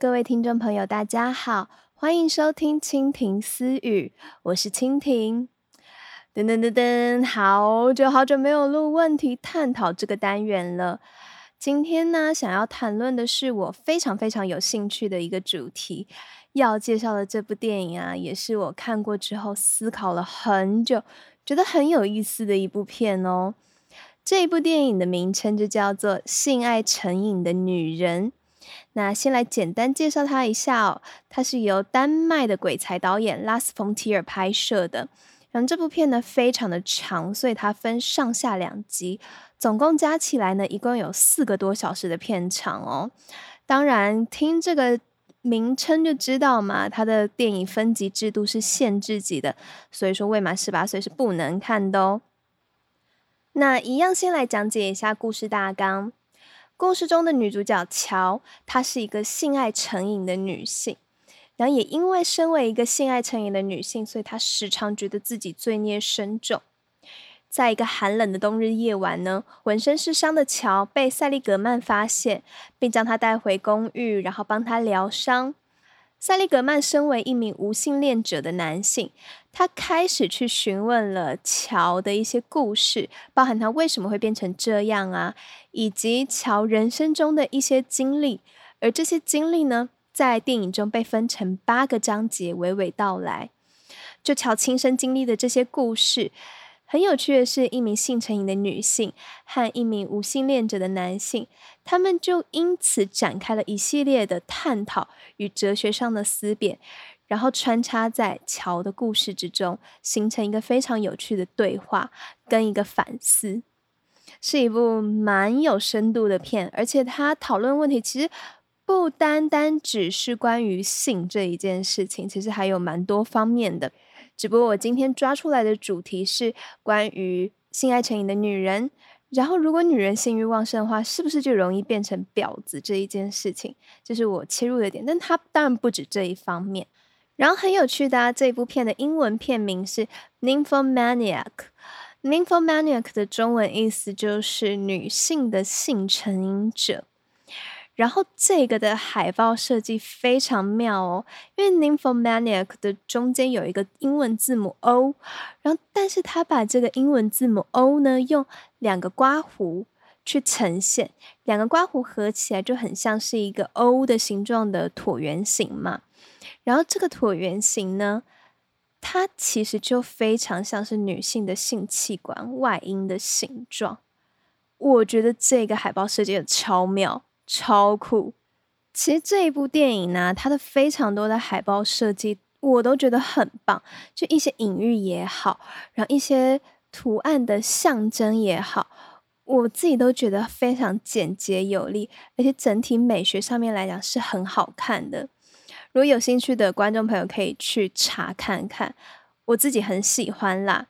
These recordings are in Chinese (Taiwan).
各位聽眾朋友，大家好，歡迎收聽《蜻蜓私語》，我是蜻蜓。噔噔噔噔，好久好久沒有錄問題探討這個單元了。今天呢，想要談論的是我非常非常有興趣的一個主題。要介紹的這部電影啊，也是我看過之後思考了很久，覺得很有意思的一部片哦。這部電影的名稱就叫做《性愛成癮的女人》。那先來簡單介紹它一下哦，它是由丹麥的鬼才導演拉斯馮提爾拍攝的。然後這部片呢，非常的長，所以它分上下兩集，總共加起來呢，一共有四個多小時的片長哦。當然，聽這個名稱就知道嘛，它的電影分級制度是限制級的，所以說未滿十八歲是不能看的哦。那一樣先來講解一下故事大綱。故事中的女主角喬，她是一個性愛成癮的女性，然後也因為身為一個性愛成癮的女性，所以她時常覺得自己罪孽深重。在一個寒冷的冬日夜晚呢，渾身是傷的喬被塞利格曼發現，並將她帶回公寓，然後幫她療傷。塞利格曼身為一名無性戀者的男性，他開始去詢問了喬的一些故事，包含他為什麼會變成這樣啊，以及喬人生中的一些經歷。而這些經歷呢，在電影中被分成八個章節，娓娓道來。就喬親身經歷的這些故事。很有趣的是，一名性成癮的女性和一名無性戀者的男性，他們就因此展開了一系列的探討與哲學上的思辨，然後穿插在喬的故事之中，形成一個非常有趣的對話跟一個反思，是一部蠻有深度的片，而且他討論問題其實不單單只是關於性這一件事情，其實還有蠻多方面的。只不過我今天抓出來的主題是關於性愛成癮的女人，然後如果女人性慾旺盛的話，是不是就容易變成婊子這一件事情？這就是我切入的點，但它當然不止這一方面。然後很有趣的啊，這部片的英文片名是 Nymphomaniac，Nymphomaniac 的中文意思就是女性的性成癮者。然後這個的海報設計非常妙哦，因為《Nymphomaniac》的中間有一個英文字母 O，然後但是他把這個英文字母 O 呢，用兩個括弧去呈現，兩個括弧合起來就很像是一個 O 的形狀的橢圓形嘛。然後這個橢圓形呢，它其實就非常像是女性的性器官外陰的形狀。我覺得這個海報設計的超妙。超酷！其實這一部電影呢，它的非常多的海報設計，我都覺得很棒。就一些隱喻也好，然後一些圖案的象徵也好，我自己都覺得非常簡潔有力，而且整體美學上面來講是很好看的。如果有興趣的觀眾朋友可以去查看看，我自己很喜歡啦。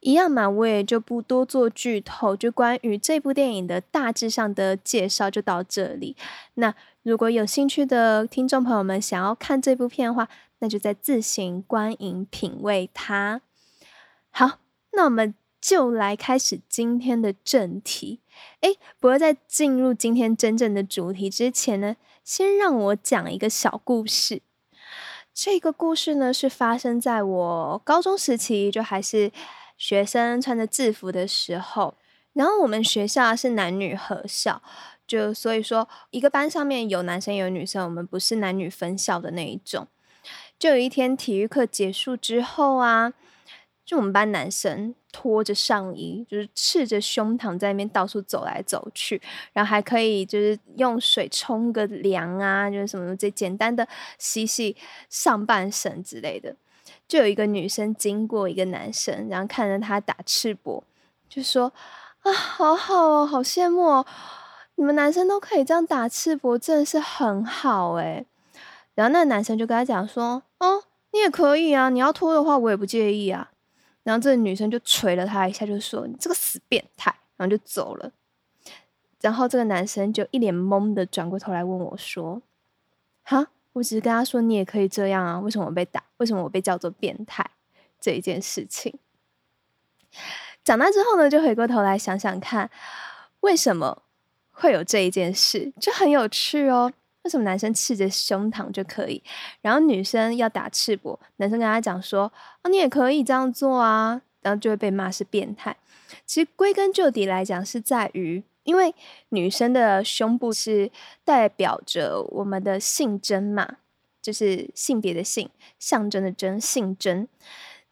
一樣嘛，我也就不多做劇透。就關於這部電影的大致上的介紹就到這裡。那如果有興趣的聽眾朋友們想要看這部片的話，那就再自行觀影品味它。好，那我們就來開始今天的正題。誒，不過在進入今天真正的主題之前呢，先讓我講一個小故事。這個故事呢，是發生在我高中時期，就還是。學生穿着制服的時候，然後我們學校是男女合校，就所以說一個班上面有男生有女生，我們不是男女分校的那一種。就有一天體育課結束之後啊，就我們班男生脫著上衣，就是赤着胸膛在那邊到處走來走去，然後還可以就是用水沖個涼啊，就是什麼最簡單的洗洗上半身之類的。就有一個女生經過一個男生，然後看着他打赤膊，就說：“啊，好好哦，好羨慕哦，你們男生都可以這樣打赤膊，真的是很好誒。”然後那個男生就跟他講說：“哦，你也可以啊，你要脫的話我也不介意啊。”然後這個女生就捶了他一下，就說：“你這個死變態！”然後就走了。然後這個男生就一臉懵的轉過頭來問我說：“哈？”我只是跟他說：“你也可以這樣啊，為什麼我被打？為什麼我被叫做變態？這一件事情。”長大之後呢，就回過頭來想想看，為什麼會有這一件事，就很有趣哦。為什麼男生赤着胸膛就可以，然後女生要打赤膊？男生跟他講說：“啊，你也可以這樣做啊。”然後就會被罵是變態。其實歸根究底來講，是在於。因為女生的胸部是代表着我們的性徵嘛，就是性別的性，象徵的徵，性徵。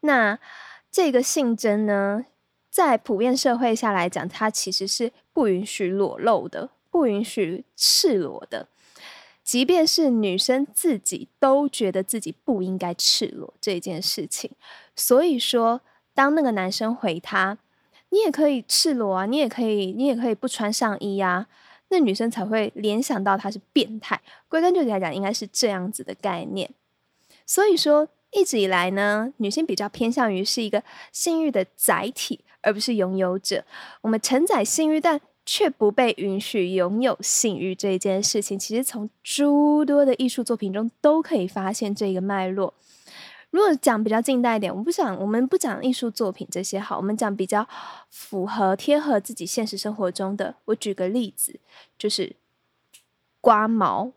那這個性徵呢，在普遍社會下來講，它其實是不允許裸露的，不允許赤裸的。即便是女生自己都覺得自己不應該赤裸這件事情。所以說，當那個男生回她。你也可以赤裸啊，你也可以，你也可以不穿上衣呀、啊，那女生才會聯想到她是變態。歸根究底來講，應該是這樣子的概念。所以說，一直以來呢，女性比較偏向於是一個性慾的載體，而不是擁有者。我們承載性慾，但卻不被允許擁有性慾這一件事情，其實從諸多的藝術作品中都可以發現這個脈絡。如果講比較近代一點，我不想，我們不講藝術作品這些好，我們講比較符合貼合自己現實生活中的。我舉個例子，就是刮毛，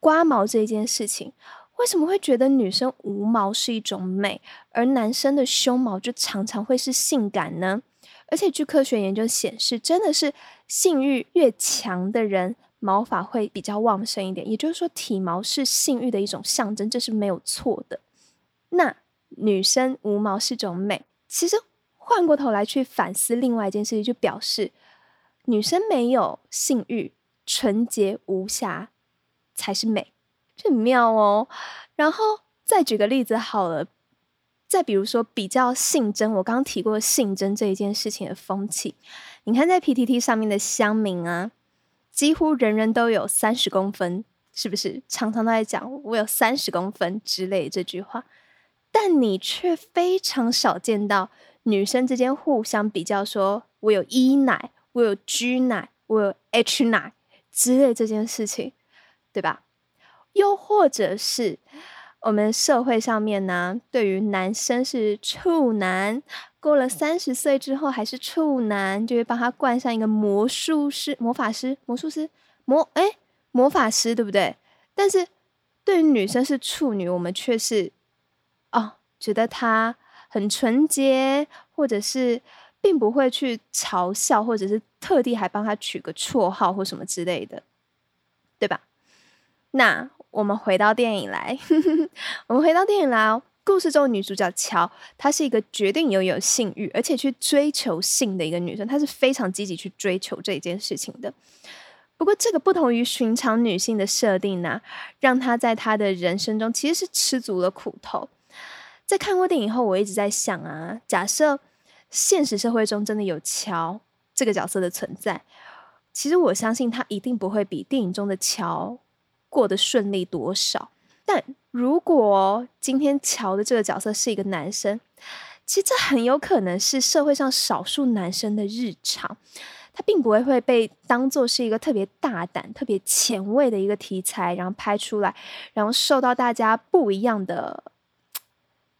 刮毛這一件事情，為什麼會覺得女生無毛是一種美，而男生的胸毛就常常會是性感呢？而且據科學研究顯示，真的是性慾越強的人，毛髮會比較旺盛一點。也就是說，體毛是性慾的一種象徵，這是沒有錯的。那女生無毛是種美，其實換過頭來去反思另外一件事情，就表示女生沒有性慾、純潔無瑕才是美，這很妙哦。然後再舉個例子好了，再比如說比較性徵，我剛剛提過性徵這一件事情的風氣，你看在 PTT 上面的鄉民啊，幾乎人人都有三十公分，是不是常常都在講我有三十公分之類這句話。但你卻非常少見到女生之間互相比較，說我有 E 奶，我有 G 奶，我有 H 奶之類這件事情，對吧？又或者是我們社會上面呢，對於男生是處男，過了三十歲之後還是處男，就會幫他冠上一個魔術師、魔法師、魔術師、魔、誒、魔法師，對不對？但是對於女生是處女，我們卻是。覺得她很純潔，或者是並不會去嘲笑，或者是特地還幫她取個綽號或什麼之類的，對吧？那我們回到電影來， 我們回到電影來哦。故事中的女主角喬，她是一個決定擁有性慾，而且去追求性的一個女生，她是非常積極去追求這一件事情的。不過，這個不同於尋常女性的設定呢、啊，讓她在她的人生中其實是吃足了苦頭。在看過電影後，我一直在想啊，假設現實社會中真的有喬這個角色的存在，其實我相信他一定不會比電影中的喬過得順利多少。但如果今天喬的這個角色是一個男生，其實這很有可能是社會上少數男生的日常，他並不會被當做是一個特別大膽、特別前衛的一個題材，然後拍出來，然後受到大家不一樣的。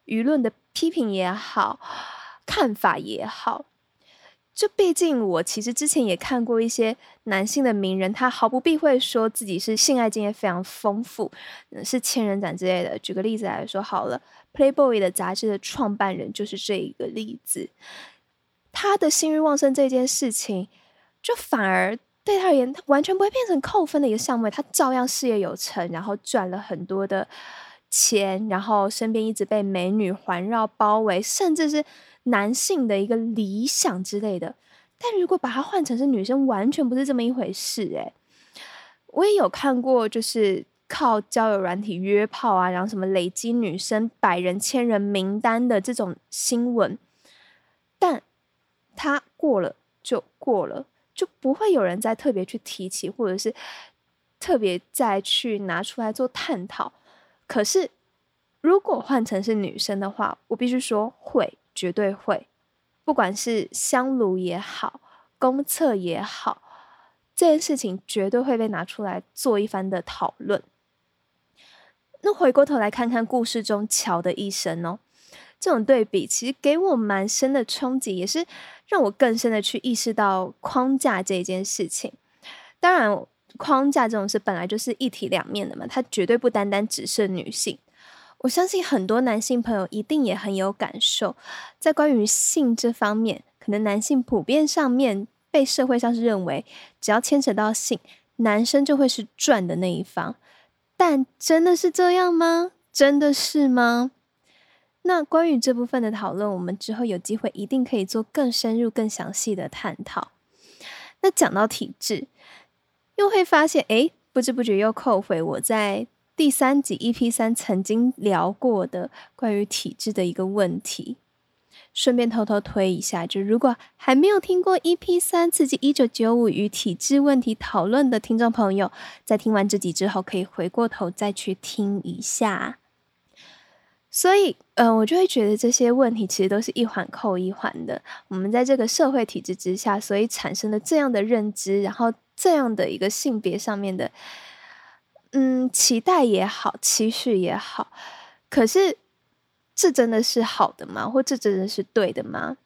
輿論的批評也好，看法也好，就畢竟我其實之前也看過一些男性的名人，他毫不避諱說自己是性愛經驗非常豐富，是千人斬之類的。舉個例子來說，好了，Playboy 的雜誌的創辦人就是這一個例子，他的性慾旺盛這件事情，就反而對他而言，他完全不會變成扣分的一個項目，他照樣事業有成，然後賺了很多的。錢，然後身邊一直被美女環繞包圍，甚至是男性的一個理想之類的。但如果把它換成是女生，完全不是這麼一回事，欸。誒。我也有看過，就是靠交友軟體約炮啊，然後什麼累積女生百人、千人名單的這種新聞。但他過了就過了，就不會有人再特別去提起，或者是特別再去拿出來做探討。可是，如果換成是女生的話，我必須說會，絕對會。不管是香爐也好，公廁也好，這件事情絕對會被拿出來做一番的討論。那回過頭來看看故事中喬的一生哦，這種對比其實給我蠻深的衝擊，也是讓我更深的去意識到框架這件事情。當然。框架這種事本來就是一體兩面的嘛，它絕對不單單只是女性。我相信很多男性朋友一定也很有感受，在關於性這方面，可能男性普遍上面被社會上是認為，只要牽扯到性，男生就會是賺的那一方。但真的是這樣嗎？真的是嗎？那關於這部分的討論，我們之後有機會一定可以做更深入、更詳細的探討。那講到體制。又會發現，哎，不知不覺又扣回我在第三集 EP 三曾經聊過的關於體質的一個問題。順便偷偷推一下，就如果還沒有聽過 EP 三《刺激一九九五與體質問題討論》的聽眾朋友，在聽完這集之後，可以回過頭再去聽一下。所以，嗯、呃，我就會覺得這些問題其實都是一環扣一環的。我們在這個社會體制之下，所以產生了這樣的認知，然後這樣的一個性別上面的，嗯，期待也好，期許也好，可是這真的是好的嗎？或這真的是對的嗎？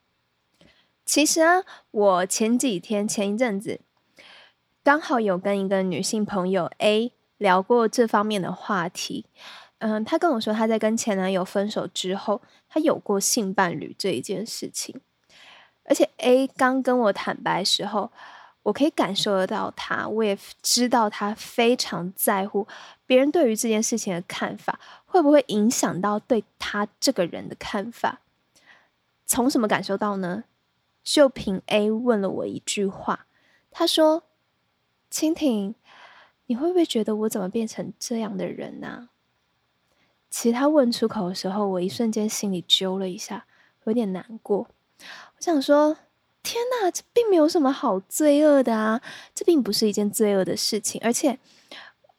其實啊，我前幾天、前一陣子剛好有跟一個女性朋友 A 聊過這方面的話題。嗯，他跟我說他在跟前男友分手之後，他有過性伴侶這一件事情，而且 A 剛跟我坦白時候，我可以感受得到他，我也知道他非常在乎別人對於這件事情的看法，會不會影響到對他這個人的看法？從什麼感受到呢？就憑 A 問了我一句話，他說：“蜻蜓，你會不會覺得我怎麼變成這樣的人呢、啊？”其實他問出口的時候，我一瞬間心裡揪了一下，有點難過。我想說：“天吶，這並沒有什麼好罪惡的啊，這並不是一件罪惡的事情。而且，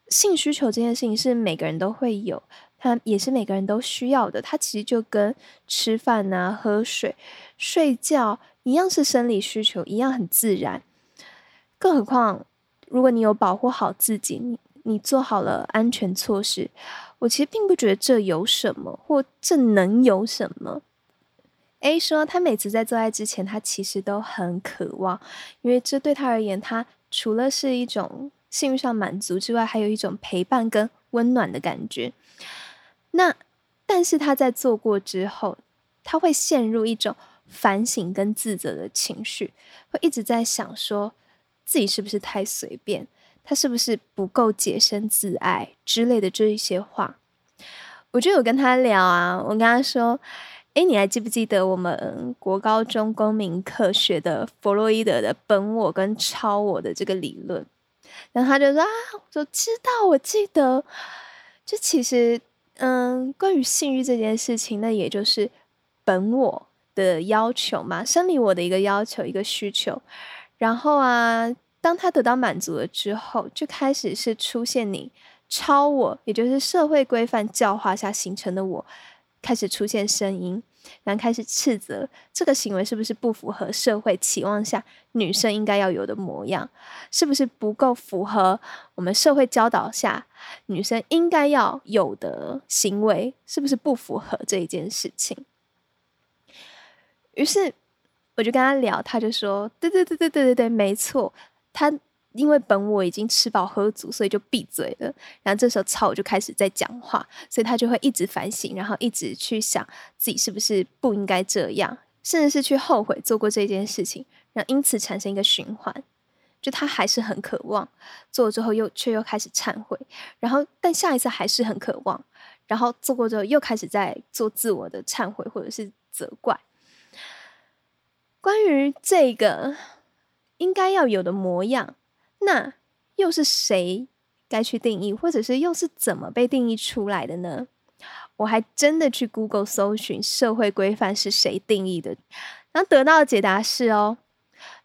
性需求這件事情是每個人都會有，它也是每個人都需要的。它其實就跟吃飯啊、喝水、睡覺一樣，是生理需求，一樣很自然。更何況，如果你有保護好自己，你。”你做好了安全措施，我其實並不覺得這有什麼，或這能有什麼？A 說，他每次在做愛之前，他其實都很渴望，因為這對他而言，他除了是一種性慾上滿足之外，還有一種陪伴跟溫暖的感覺。那但是他在做過之後，他會陷入一種反省跟自責的情緒，會一直在想說，說自己是不是太隨便。他是不是不夠潔身自愛之類的這一些話？我就有跟他聊啊，我跟他說：“哎，你還記不記得我們國高中公民課學的弗洛伊德的本我跟超我的這個理論？”然後他就說：“啊，我知道，我記得。”就其實，嗯，關於性欲這件事情，那也就是本我的要求嘛，生理我的一個要求，一個需求。然後啊。當他得到滿足了之後，就開始是出現你超我，也就是社會規範教化下形成的我，開始出現聲音，然後開始斥責這個行為是不是不符合社會期望下女生應該要有的模樣，是不是不夠符合我們社會教導下女生應該要有的行為，是不是不符合這一件事情？於是我就跟他聊，他就說：“對對對對對對對，沒錯。”他因為本我已經吃飽喝足，所以就閉嘴了。然後這時候，超我就開始在講話，所以他就會一直反省，然後一直去想自己是不是不應該這樣，甚至是去後悔做過這件事情，然後因此產生一個循環。就他還是很渴望，做了之後又卻又開始懺悔，然後但下一次還是很渴望，然後做過之後又開始在做自我的懺悔或者是責怪。關於這個。應該要有的模樣，那又是誰該去定義，或者是又是怎麼被定義出來的呢？我還真的去 Google 搜尋“社會規範是誰定義的”，然後得到的解答是：哦，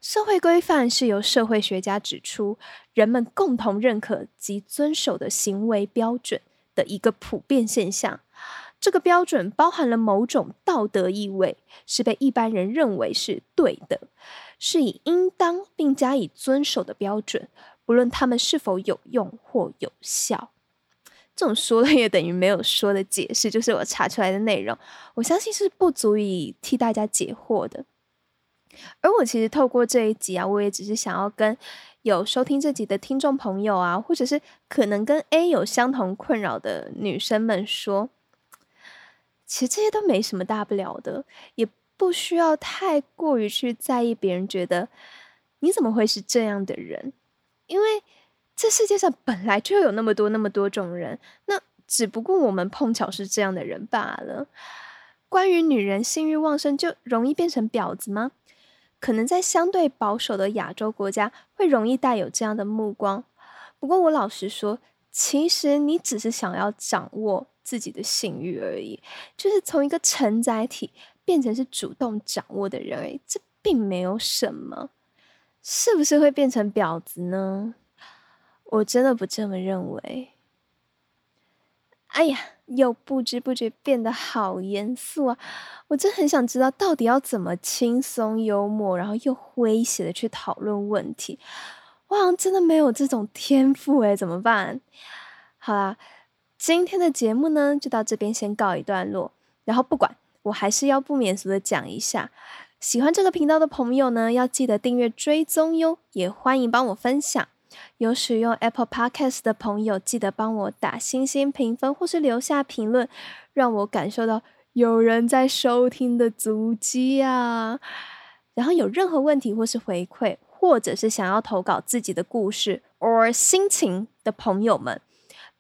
社會規範是由社會學家指出，人們共同認可及遵守的行為標準的一個普遍現象。這個標準包含了某種道德意味，是被一般人認為是對的，是以應當並加以遵守的標準，不論他們是否有用或有效。這種說的也等於沒有說的解釋，就是我查出來的內容，我相信是不足以替大家解惑的。而我其實透過這一集啊，我也只是想要跟有收聽這集的聽眾朋友啊，或者是可能跟 A 有相同困擾的女生們說。其實這些都沒什麼大不了的，也不需要太過於去在意別人覺得你怎麼會是這樣的人，因為這世界上本來就有那麼多那麼多種人，那只不過我們碰巧是這樣的人罷了。關於女人性慾旺盛就容易變成婊子嗎？可能在相對保守的亞洲國家會容易帶有這樣的目光，不過我老實說，其實你只是想要掌握。自己的性慾而已，就是從一個承載體變成是主動掌握的人、欸，哎，這並沒有什麼，是不是會變成婊子呢？我真的不這麼認為。哎呀，又不知不覺變得好嚴肅啊！我真的很想知道，到底要怎麼輕鬆幽默，然後又詼諧的去討論問題？我好像真的沒有這種天賦、欸，哎，怎麼辦？好啦。今天的節目呢，就到這邊先告一段落。然後不管，我還是要不免俗的講一下，喜歡這個頻道的朋友呢，要記得訂閱追蹤喲。也歡迎幫我分享，有使用 Apple Podcast 的朋友，記得幫我打星星評分或是留下評論，讓我感受到有人在收聽的足跡啊。然後有任何問題或是回饋，或者是想要投稿自己的故事 or 心情的朋友們。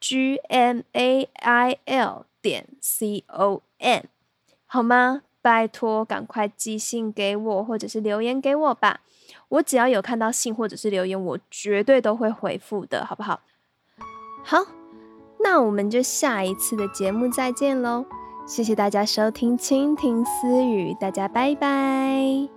gmail 點 com 好嗎？拜托，趕快寄信給我，或者是留言給我吧。我只要有看到信或者是留言，我絕對都會回復的，好不好？好，那我們就下一次的節目再見嘍！謝謝大家收聽《蜻蜓私語》，大家拜拜。